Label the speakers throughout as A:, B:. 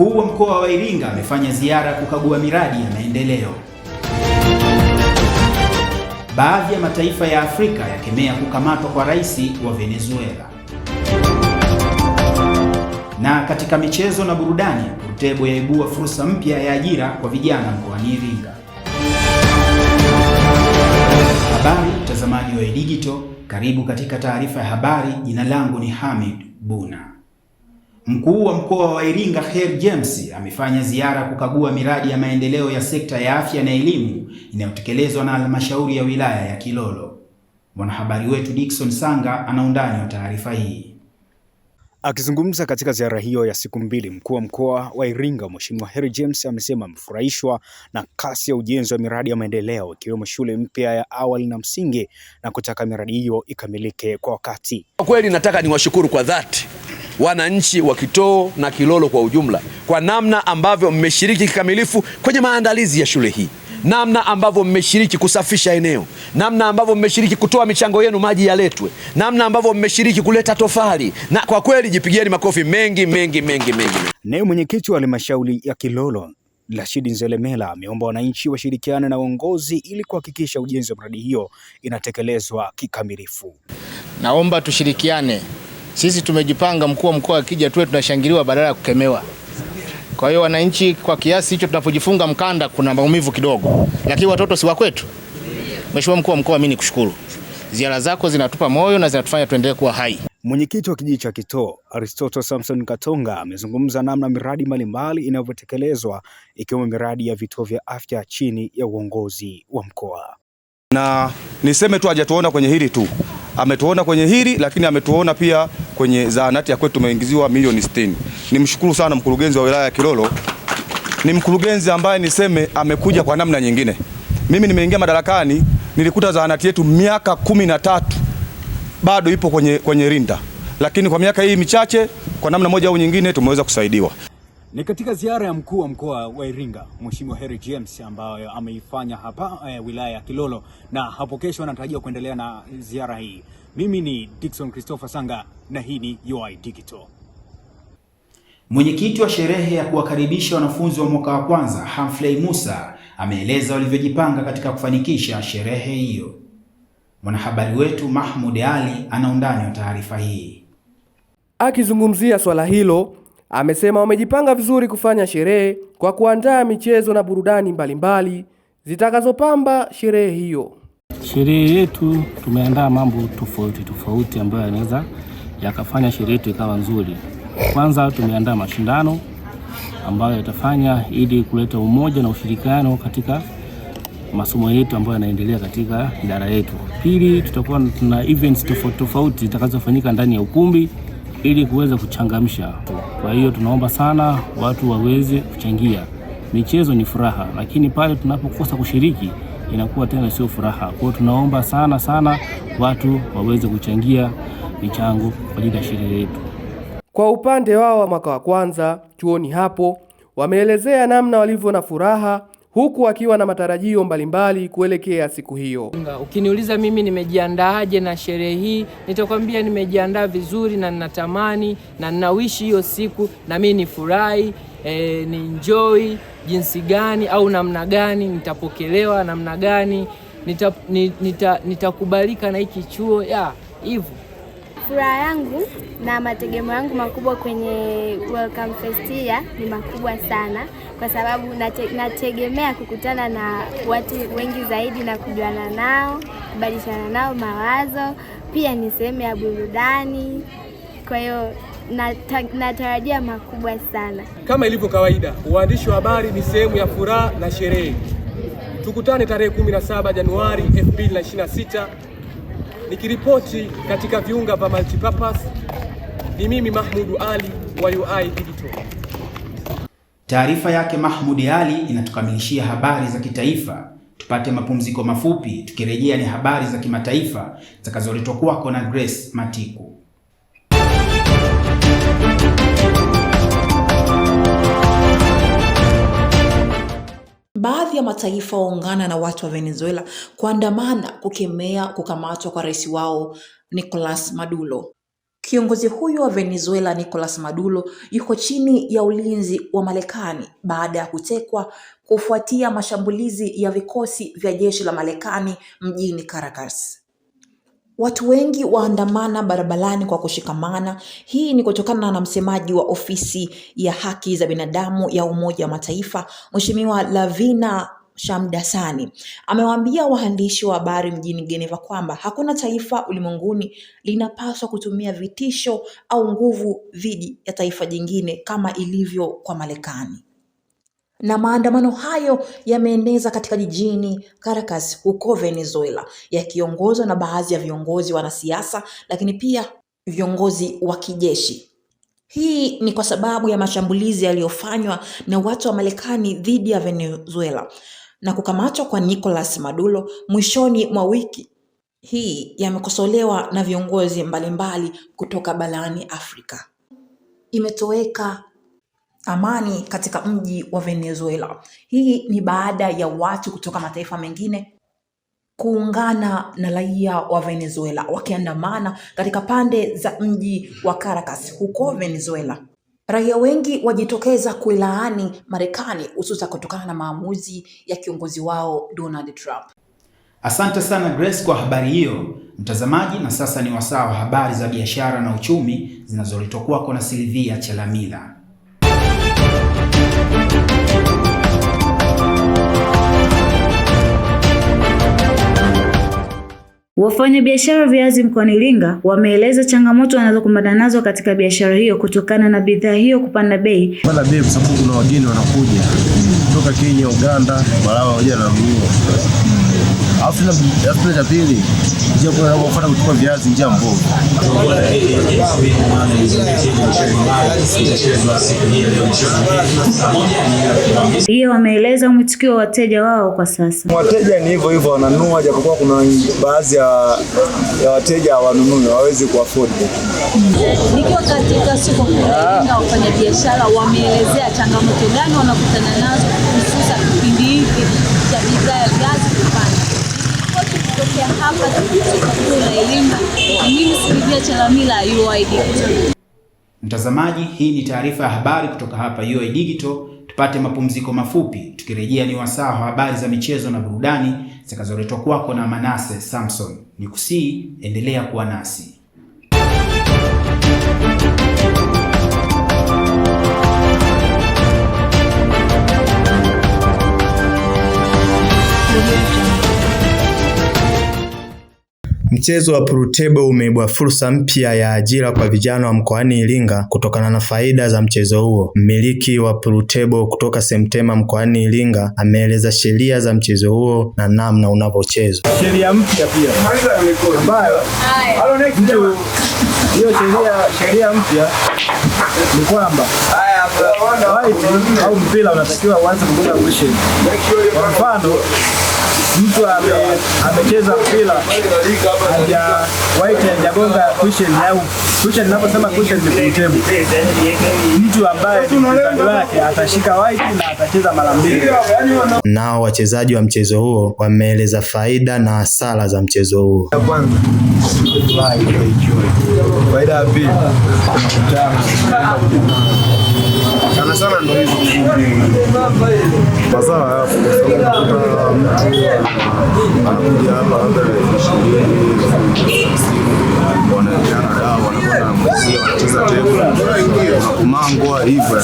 A: Mkuu wa Mkoa wa Iringa amefanya ziara ya kukagua miradi ya maendeleo. Baadhi ya mataifa ya Afrika yakemea kukamatwa kwa rais wa Venezuela. Na katika michezo na burudani, Utebo yaibua fursa mpya ya ajira kwa vijana mkoani Iringa. Habari mtazamaji wa Digital, karibu katika taarifa ya habari. Jina langu ni Hamid Buna. Mkuu wa Mkoa wa Iringa her James amefanya ziara kukagua miradi ya maendeleo ya sekta ya afya na elimu inayotekelezwa na Halmashauri ya Wilaya ya Kilolo. Mwanahabari wetu Dickson Sanga ana undani wa taarifa hii.
B: Akizungumza katika ziara hiyo ya siku mbili, mkuu wa mkoa wa Iringa Mheshimiwa her James amesema amefurahishwa na kasi ya ujenzi wa miradi ya maendeleo ikiwemo shule mpya ya awali na msingi na kutaka miradi hiyo ikamilike kwa wakati.
C: Kwa kweli nataka niwashukuru kwa dhati wananchi wa Kitoo na Kilolo kwa ujumla kwa namna ambavyo mmeshiriki kikamilifu kwenye maandalizi ya shule hii, namna ambavyo mmeshiriki kusafisha eneo, namna ambavyo mmeshiriki kutoa michango yenu maji yaletwe, namna ambavyo mmeshiriki kuleta tofali, na kwa kweli jipigieni makofi mengi mengi mengi mengi.
B: Naye mwenyekiti wa halmashauri ya Kilolo Rashid Nzelemela ameomba wananchi washirikiane na uongozi ili kuhakikisha ujenzi wa mradi hiyo inatekelezwa kikamilifu.
D: Naomba tushirikiane sisi tumejipanga, mkuu wa mkoa akija tuwe tunashangiliwa badala ya kukemewa. Kwa hiyo wananchi, kwa kiasi hicho tunapojifunga mkanda, kuna maumivu kidogo, lakini watoto si wa kwetu. Mheshimiwa mkuu wa mkoa, mimi nikushukuru, ziara zako zinatupa moyo na zinatufanya tuendelee kuwa hai.
B: Mwenyekiti wa kijiji cha Kitoo Aristotle Samson Katonga amezungumza namna miradi mbalimbali inavyotekelezwa ikiwemo miradi ya vituo vya afya chini ya uongozi wa mkoa,
E: na niseme tu hajatuona kwenye hili tu ametuona kwenye hili, lakini ametuona pia kwenye zahanati ya kwetu tumeingiziwa milioni 60. Nimshukuru sana mkurugenzi wa wilaya ya Kilolo, ni mkurugenzi ambaye niseme amekuja kwa namna nyingine. Mimi nimeingia madarakani nilikuta zahanati yetu miaka kumi na tatu bado ipo kwenye, kwenye rinda, lakini kwa miaka hii michache kwa namna moja au nyingine tumeweza kusaidiwa.
B: Ni katika ziara ya mkuu wa mkoa wa Iringa Mheshimiwa Harry James ambayo ameifanya hapa eh, wilaya ya Kilolo na hapo kesho anatarajiwa kuendelea na ziara hii. Mimi ni Dickson Christopher Sanga na hii ni UoI Digital.
A: Mwenyekiti wa sherehe ya kuwakaribisha wanafunzi wa mwaka wa kwanza Humphrey Musa ameeleza walivyojipanga katika kufanikisha sherehe hiyo. Mwanahabari wetu Mahmud Ali ana undani wa taarifa hii.
F: Akizungumzia swala hilo Amesema wamejipanga vizuri kufanya sherehe kwa kuandaa michezo na burudani mbalimbali zitakazopamba sherehe hiyo.
G: Sherehe yetu tumeandaa mambo tofauti tofauti ambayo yanaweza yakafanya sherehe yetu ikawa nzuri. Kwanza tumeandaa mashindano ambayo yatafanya ili kuleta umoja na ushirikiano katika masomo yetu ambayo yanaendelea katika idara yetu. Pili, tutakuwa tuna events tofauti tofauti zitakazofanyika ndani ya ukumbi ili kuweza kuchangamsha. Kwa hiyo tunaomba sana watu waweze kuchangia. Michezo ni furaha, lakini pale tunapokosa kushiriki inakuwa tena sio furaha. Kwa hiyo tunaomba sana sana watu waweze kuchangia michango kwa ajili ya sherehe yetu.
F: Kwa upande wao wa mwaka wa kwanza chuoni hapo wameelezea namna walivyo na furaha huku akiwa na matarajio mbalimbali kuelekea siku hiyo.
H: Ukiniuliza mimi nimejiandaaje na sherehe hii, nitakwambia nimejiandaa vizuri na ninatamani na ninawishi hiyo siku na mimi nifurahi, e, ni enjoy jinsi gani au namna gani nitapokelewa, namna gani nitakubalika nita, nita na hiki chuo ya hivyo
I: Furaha yangu na mategemeo yangu makubwa kwenye Welcome ya ni makubwa sana, kwa sababu nategemea kukutana na watu wengi zaidi na kujuana nao, kubadilishana nao mawazo. Pia ni sehemu ya burudani, kwa hiyo natarajia makubwa sana.
F: Kama ilivyo kawaida, uandishi wa habari ni sehemu ya furaha na sherehe. Tukutane tarehe 17 Januari 2026. Nikiripoti katika viunga vya multipurpose ni mimi Mahmudu Ali wa UoI Digital.
A: Taarifa yake Mahmudi Ali inatukamilishia habari za kitaifa. Tupate mapumziko mafupi, tukirejea ni habari za kimataifa zitakazoletwa kwako na Grace Matiku.
J: Baadhi ya mataifa waungana na watu wa Venezuela kuandamana kukemea kukamatwa kwa rais wao Nicolas Maduro. Kiongozi huyo wa Venezuela Nicolas Maduro yuko chini ya ulinzi wa Marekani baada ya kutekwa kufuatia mashambulizi ya vikosi vya jeshi la Marekani mjini Caracas. Watu wengi waandamana barabarani kwa kushikamana. Hii ni kutokana na msemaji wa ofisi ya haki za binadamu ya Umoja wa Mataifa, Mheshimiwa Lavina Shamdasani amewaambia waandishi wa habari mjini Geneva kwamba hakuna taifa ulimwenguni linapaswa kutumia vitisho au nguvu dhidi ya taifa jingine kama ilivyo kwa Marekani na maandamano hayo yameeneza katika jijini Caracas huko Venezuela, yakiongozwa na baadhi ya viongozi wanasiasa, lakini pia viongozi wa kijeshi. Hii ni kwa sababu ya mashambulizi yaliyofanywa na watu wa Marekani dhidi ya Venezuela na kukamatwa kwa Nicolas Maduro mwishoni mwa wiki hii yamekosolewa na viongozi mbalimbali kutoka barani Afrika. Imetoweka amani katika mji wa Venezuela. Hii ni baada ya watu kutoka mataifa mengine kuungana na raia wa Venezuela wakiandamana katika pande za mji wa Caracas huko Venezuela. Raia wengi wajitokeza kuilaani Marekani hususa kutokana na maamuzi ya kiongozi wao Donald Trump.
A: Asante sana Grace kwa habari hiyo mtazamaji, na sasa ni wasaa wa habari za biashara na uchumi zinazoletwa kwako na Silvia Chalamila.
K: Wafanyabiashara viazi mkoani Iringa wameeleza changamoto wanazokumbana nazo katika biashara hiyo kutokana na bidhaa hiyo kupanda bei.
L: Kupanda bei kwa sababu kuna wageni wanakuja kutoka Kenya, Uganda, Malawi wanakuja na nguo. Alafu tena cha pili, njia inayofuata kutoka viazi, njia mbovu.
K: Hiyo wameeleza mwitikio wa wateja wao kwa sasa.
M: Wateja ni hivyo hivyo, wananua, japokuwa kuna baadhi ya, ya wateja hawanunui, hawawezi kuafford.
N: Nikiwa katika soko kuna ah. wafanyabiashara wameelezea changamoto gani wanakutana nazo hususan kipindi hiki cha bidhaa ya viazi hapa Chalamila, UoI Digital.
A: Mtazamaji, hii ni taarifa ya habari kutoka hapa UoI Digital. Tupate mapumziko mafupi, tukirejea ni wasaa wa habari za michezo na burudani zitakazoletwa kwako na Manase Samson. Nikusii, endelea kuwa nasi. Mchezo wa pool table umeibua fursa mpya ya ajira kwa vijana wa mkoani Iringa kutokana na faida za mchezo huo. Mmiliki wa pool table kutoka Semtema mkoani Iringa ameeleza sheria za mchezo huo na namna unavyochezwa.
O: Sheria mpya pia ambayo hiyo sheria sheria mpya ni kwamba au mpira unatakiwa uanze kupiga cushion. Kwa mfano mtu amecheza mpira hajawahi hajagonga cushion au cushion, ninaposema cushion ni table, mtu ambaye upande wake atashika white na atacheza mara mbili.
A: Nao wachezaji wa mchezo huo wameeleza faida na hasara za mchezo huo.
P: Faida ya pili sana ndo hizo mazao hayafu, kwa sababu mtu anakuja hapa labda elfu ishirini wanaendea na dawa, wanakwenda mzia, wanacheza tebo, unakumangwa hivyo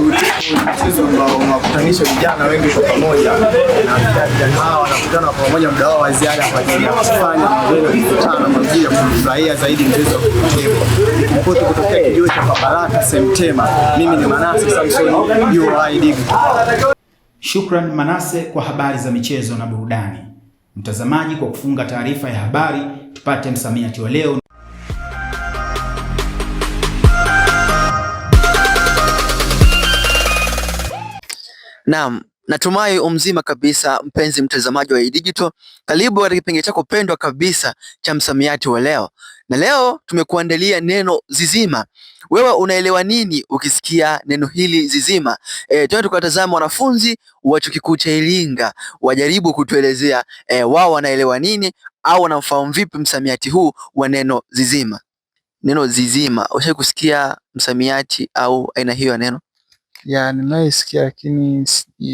P: mchezo ambao unakutanisha vijana wengi kwa pamoja, na vijana hawa wanakutana kwa pamoja muda wao wa ziada kwa ajili ya kufanya mkutano kwa ajili ya kufurahia zaidi mchezo wa kutemba. Mpoto kutokea kijiwe cha Baraka Semtema, mimi ni Manase Samson UoI Digital.
A: Shukran Manase kwa habari za michezo na burudani. Mtazamaji, kwa kufunga taarifa ya habari, tupate msamiati wa leo.
Q: Naam, natumai umzima kabisa mpenzi mtazamaji wa iDigital. Karibu katika kipengele chako pendwa kabisa cha msamiati wa leo, na leo tumekuandalia neno zizima. Wewe unaelewa nini ukisikia neno hili zizima? E, eh, tuende tukatazama wanafunzi wa chuo kikuu cha Iringa wajaribu kutuelezea e, wao wanaelewa nini au wanamfahamu vipi msamiati huu wa neno zizima. Neno zizima, ushawahi kusikia msamiati au aina hiyo ya neno?
R: ya ninaisikia lakini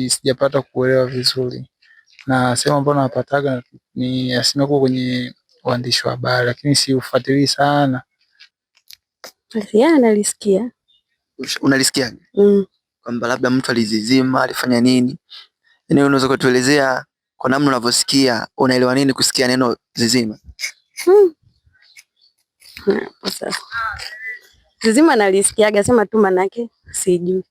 R: sijapata kuelewa vizuri, na sehemu ambayo napataga ni asema kuwa kwenye uandishi wa habari, lakini siufuatilii sana.
S: Jana Unalisikia? Mm.
Q: Kwamba labda mtu alizizima alifanya nini? Yani unaweza kutuelezea kwa namna unavyosikia, unaelewa nini kusikia neno zizima?
S: Mm. Zizima nalisikiaga, sema tu manake sijui.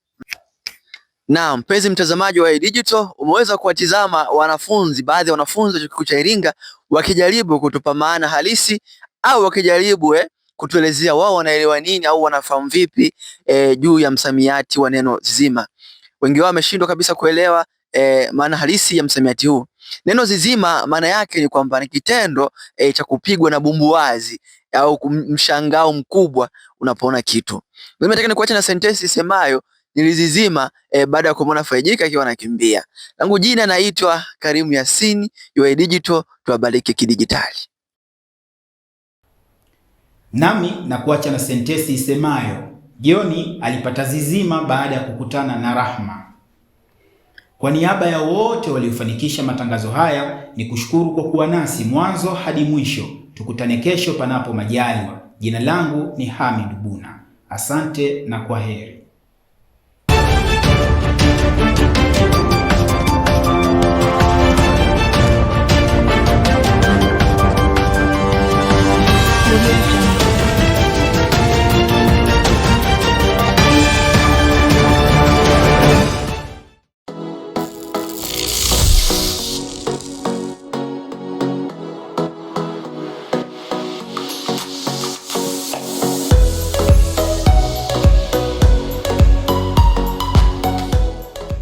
Q: Na mpenzi mtazamaji wa Digital, umeweza kuwatizama wanafunzi, baadhi ya wanafunzi wa chuo kikuu cha Iringa wakijaribu kutupa maana halisi au wakijaribu eh, kutuelezea wao wanaelewa nini au wanafahamu vipi eh, juu ya msamiati wa neno zizima. Wengi wao wameshindwa kabisa kuelewa eh, maana halisi ya msamiati huu. Neno zizima maana yake ni kwamba ni kitendo eh, cha kupigwa na bumbuwazi au mshangao mkubwa unapoona kitu. Mimi nataka nikuache na sentensi isemayo nilizizima e, baada ya kumwona Faijika akiwa anakimbia. Langu jina naitwa Karimu Yasin, UoI Digital, tuabariki kidigitali.
A: Nami na kuacha na sentesi isemayo Joni alipata zizima baada ya kukutana na Rahma. Kwa niaba ya wote waliofanikisha matangazo haya, ni kushukuru kwa kuwa nasi mwanzo hadi mwisho. Tukutane kesho panapo majaliwa. Jina langu ni Hamid Buna. Asante na kwa heri. Thank you.